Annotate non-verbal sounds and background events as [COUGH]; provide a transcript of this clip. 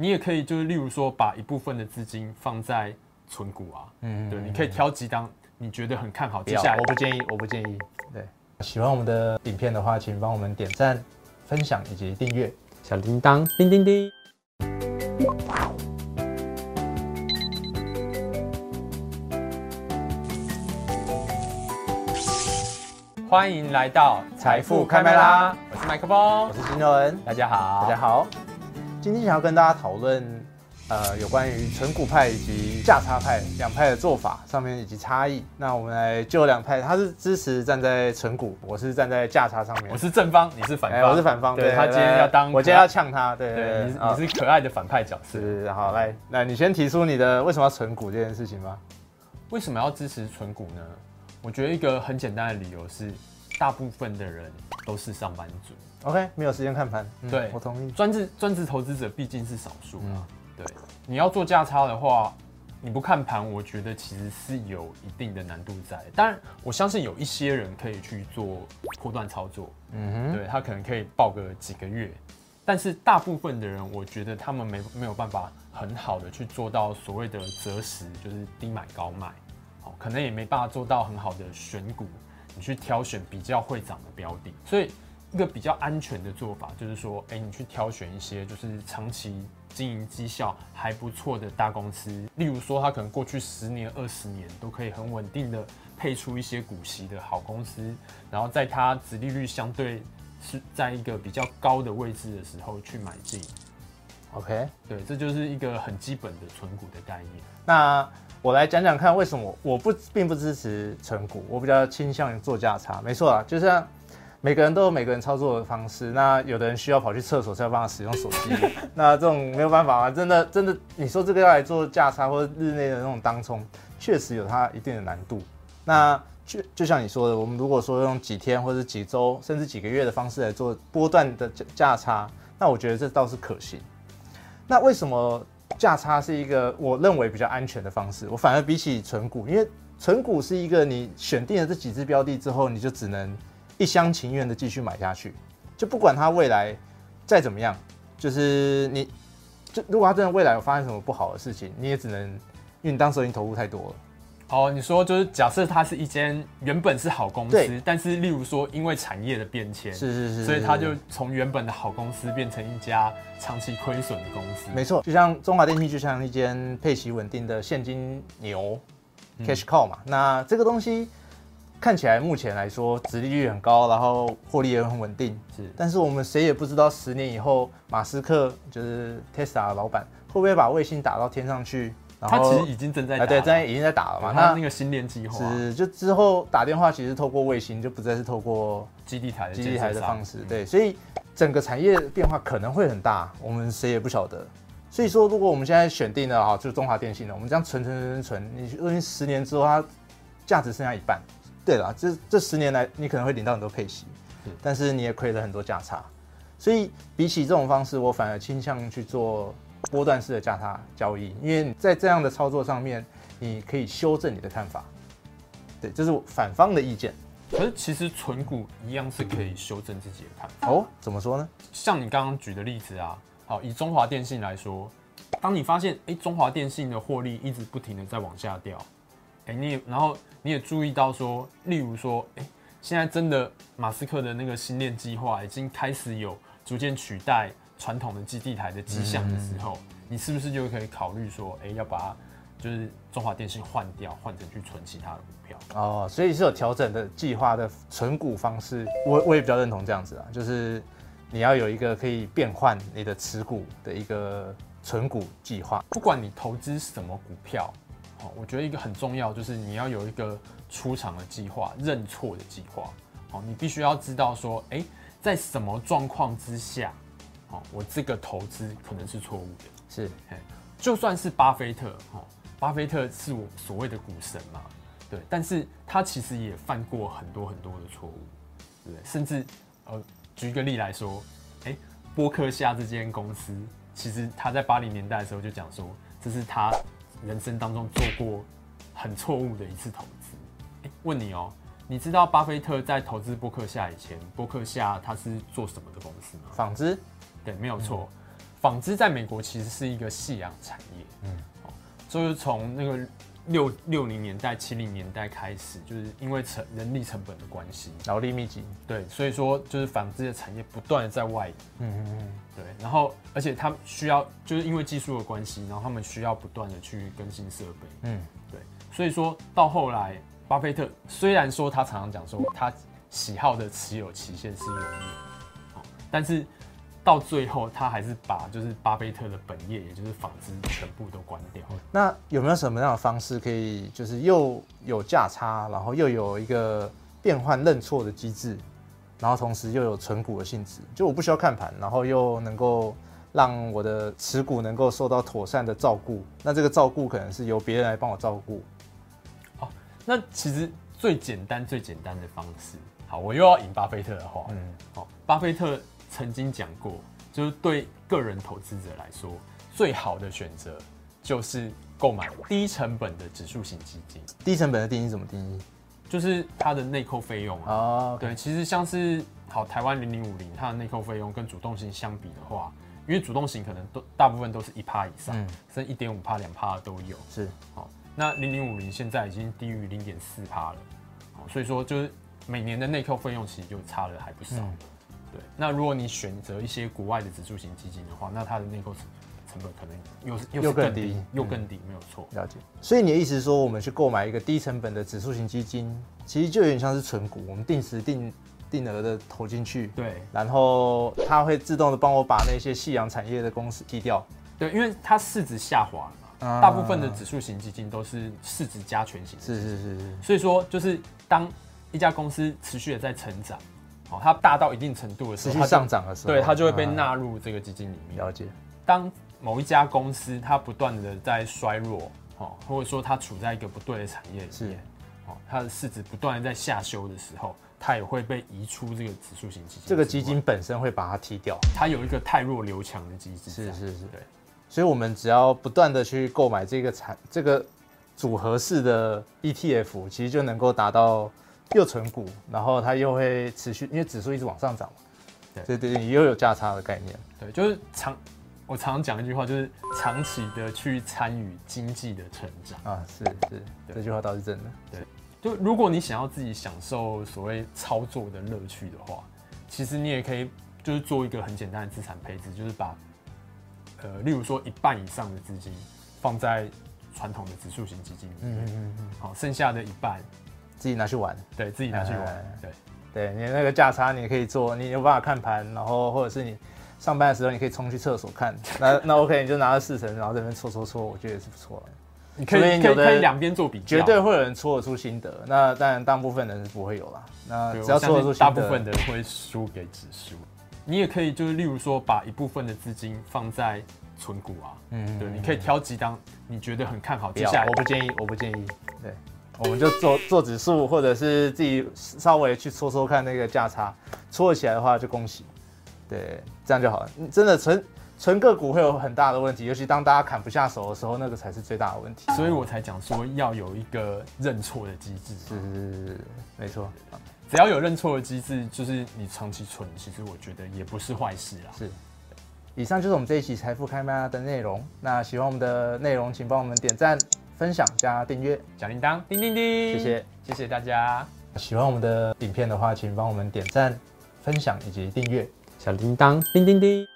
你也可以，就是例如說，把一部分的資金放在存股啊，嗯對，你可以挑幾檔，你覺得很看好。接下來，我不建議，我不建議。對，喜歡我們的影片的話，請幫我們點讚、分享以及訂閱。小叮當，叮叮叮。歡迎來到財富開麥拉！我是麥克風，我是筋肉人，大家好，大家好。今天想要跟大家討論，呃，有關於存股派以及價差派兩派的做法上面以及差異。那我們來就兩派，他是支持站在存股，我是站在價差上面。我是正方，你是反方。欸、我是反方，對，對他今天要當，我今天要嗆他。對，對，對，對，你你是、喔、你是可愛的反派角色。是，好來，那你先提出你的為什麼要存股這件事情吧。為什麼要支持存股呢？我覺得一個很簡單的理由是，大部分的人都是上班族。OK，沒有時間看盤，嗯、對我同意。專職專職投資者畢竟是少數，嗯、對。你要做價差的話，你不看盤，我覺得其實是有一定的難度在。當然，我相信有一些人可以去做波段操作，嗯哼，對他可能可以抱個幾個月。但是大部分的人，我覺得他們沒沒有辦法很好的去做到所謂的擇時，就是低買高賣，哦，可能也沒辦法做到很好的選股，你去挑選比較會漲的標的，所以。一個比較安全的做法，就是說，誒，你去挑選一些就是長期經營績效還不錯的大公司，例如說，它可能過去十年、二十年都可以很穩定的配出一些股息的好公司，然後在它殖利率相對是在一個比較高的位置的時候去買進。OK，對，這就是一個很基本的存股的概念。那我來講講看，為什麼我不並不支持存股？我比較傾向於做價差。沒錯啊，就像。每個人都有每個人操作的方式，那有的人需要跑去廁所才有辦法使用手機， [LAUGHS] 那這種沒有辦法啊！真的，真的，你說這個要來做價差或者日內的那種當沖，確實有它一定的難度。那就就像你說的，我們如果說用幾天或者幾周甚至幾個月的方式來做波段的價價差，那我覺得這倒是可行。那為什麼價差是一個我認為比較安全的方式？我反而比起存股，因為存股是一個你選定了這幾隻標的之後，你就只能。一廂情願的繼續買下去，就不管它未來再怎麼樣，就是你，就如果它真的未來有發生什麼不好的事情，你也只能，因為你當時已經投入太多了。好、哦，你說就是假設它是一間原本是好公司，對但是例如說因為產業的變遷，是是，是是是，所以它就從原本的好公司變成一家長期虧損的公司。沒錯，就像中華電信，就像一間配息穩定的現金牛、嗯、，cash cow 嘛。那這個東西。看起來目前來說，殖利率很高，然後獲利也很穩定。是，但是我們誰也不知道十年以後，馬斯克就是 Tesla 的老闆會不會把衛星打到天上去？然後他其實已經正在打了、啊，對，正在已經在打了嘛。那那個星鏈計劃是，就之後打電話其實透過衛星、嗯、就不再是透過基地台的、基地台的方式。對，嗯、所以整個產業變化可能會很大，我們誰也不曉得。所以說，如果我們現在選定了哈，就中華電信的，我們這樣存存存存存，你因為十年之後它價值剩下一半？對啦，這這十年來，你可能會領到很多配息，是，但是你也虧了很多價差，所以比起這種方式，我反而傾向去做波段式的價差交易，因為在這樣的操作上面，你可以修正你的看法。對，這、就是我反方的意見，可是其實存股一樣是可以修正自己的看法。哦，怎麼說呢？像你剛剛舉的例子啊，好，以中華電信來說，當你發現誒、欸，中華電信的獲利一直不停的在往下掉。欸、你然後你也注意到說，例如說，哎，現在真的馬斯克的那個星鏈計劃已經開始有逐漸取代傳統的基地台的跡象的時候，你是不是就可以考慮說，哎，要把就是中華電信換掉，換成去存其他的股票？哦，所以是有調整的計劃的存股方式，我我也比較認同這樣子啊，就是你要有一個可以變換你的持股的一個存股計劃，不管你投資什麼股票。我覺得一個很重要就是你要有一個出場的計劃，認錯的計劃。好，你必須要知道說，誒，在什麼狀況之下，好，我這個投資可能是錯誤的。是，就算是巴菲特，哈，巴菲特是我所謂的股神嘛，對，但是他其實也犯過很多很多的錯誤，對不對？甚至，呃，舉一個例來說，誒，波克夏這間公司，其實他在八零年代的時候就講說，這是他。人生當中做過很錯誤的一次投資。欸，問你哦，喔，你知道巴菲特在投資伯克夏以前，伯克夏他是做什麼的公司嗎？紡織，對，沒有錯，紡、嗯、織在美國其實是一個夕陽產業，嗯、喔，就是從那個。六六零年代、七零年代開始，就是因為成人力成本的關係，勞力密集，對，所以說就是紡織的產業不斷的在外移，嗯嗯嗯，對，然後而且他需要就是因為技術的關係，然後他們需要不斷的去更新設備，嗯，對，所以說到後來，巴菲特雖然說他常常講說他喜好的持有期限是永遠，但是。到最後，他還是把就是巴菲特的本業，也就是紡織全部都關掉了。那有沒有什麼樣的方式可以，就是又有價差，然後又有一個變換認錯的機制，然後同時又有存股的性質？就我不需要看盤，然後又能夠讓我的持股能夠受到妥善的照顧。那這個照顧可能是由別人來幫我照顧。好，那其實最簡單、最簡單的方式，好，我又要引巴菲特的話，嗯，好，巴菲特。曾經講過，就是對個人投資者來說，最好的選擇就是購買低成本的指數型基金。低成本的定義怎麼定義？就是它的內扣費用啊。Oh, okay. 對，其實像是好台灣零零五零，它的內扣費用跟主動型相比的話，因為主動型可能都大部分都是一趴以上，甚至一點五趴、兩趴都有。是，那零零五零現在已經低於零點四趴了，好，所以說就是每年的內扣費用其實就差了還不少。嗯對，那如果你選擇一些國外的指數型基金的話，那它的內扣成成本可能又，又是又更低，嗯、又更低，沒有錯。了解。所以你的意思是說，我們去購買一個低成本的指數型基金，其實就有點像是存股，我們定時定定額的投進去。對。然後它會自動的幫我把那些夕陽產業的公司剔掉。對，因為它市值下滑嘛，嗯、大部分的指數型基金都是市值加權型。是是是是。所以說，就是當一家公司持續的在成長。它大到一定程度的時候，它上漲的時候，對它就會被納入這個基金裡面。了解。當某一家公司它不斷的在衰弱，哦，或者說它處在一個不對的產業裡面，它的市值不斷的在下修的時候，它也會被移出這個指數型基金。這個基金本身會把它踢掉，它有一個汰弱留強的機制。是是是，對。所以，我們只要不斷的去購買這個產這個組合式的 ETF，其實就能夠達到。又存股，然後它又會持續，因為指數一直往上漲嘛。對對對，你又有價差的概念。對，對，就是長，我常講一句話，就是長期的去參與經濟的成長啊。是是，這句話倒是真的。對，對，就如果你想要自己享受所謂操作的樂趣的話，其實你也可以，就是做一個很簡單的資產配置，就是把呃，例如說一半以上的資金放在傳統的指數型基金裡面，嗯嗯嗯，好，剩下的一半。自己拿去玩，對自己拿去玩，對，對你那個價差你也可以做，你有辦法看盤，然後或者是你上班的時候你可以衝去廁所看。那那 OK，你就拿着四成，然後這邊搓搓搓，我覺得也是不錯了。你可以可以兩邊做比較，絕對會有人搓得出心得。那當然，大部分人是不會有啦。那只要搓得出心得，大部分的人會輸給指數。你也可以就是，例如說把一部分的資金放在存股啊，嗯，對，你可以挑幾檔你覺得很看好。接下來我不建議，我不建議，對。我們就做做指數，或者是自己稍微去搓搓看那個價差，搓起來的話就恭喜。對，這樣就好了。真的存存個股會有很大的問題，尤其當大家砍不下手的時候，那個才是最大的問題。所以我才講說要有一個認錯的機制。是是是是是，沒錯。只要有認錯的機制，就是你長期存，其實我覺得也不是壞事啦。是。以上就是我們這一期財富開麥拉的內容。那喜歡我們的內容，請幫我們點讚。分享加訂閱，小鈴鐺叮叮叮，謝謝，謝謝大家。喜歡我們的影片的話，請幫我們點讚、分享以及訂閱，小鈴鐺叮叮叮。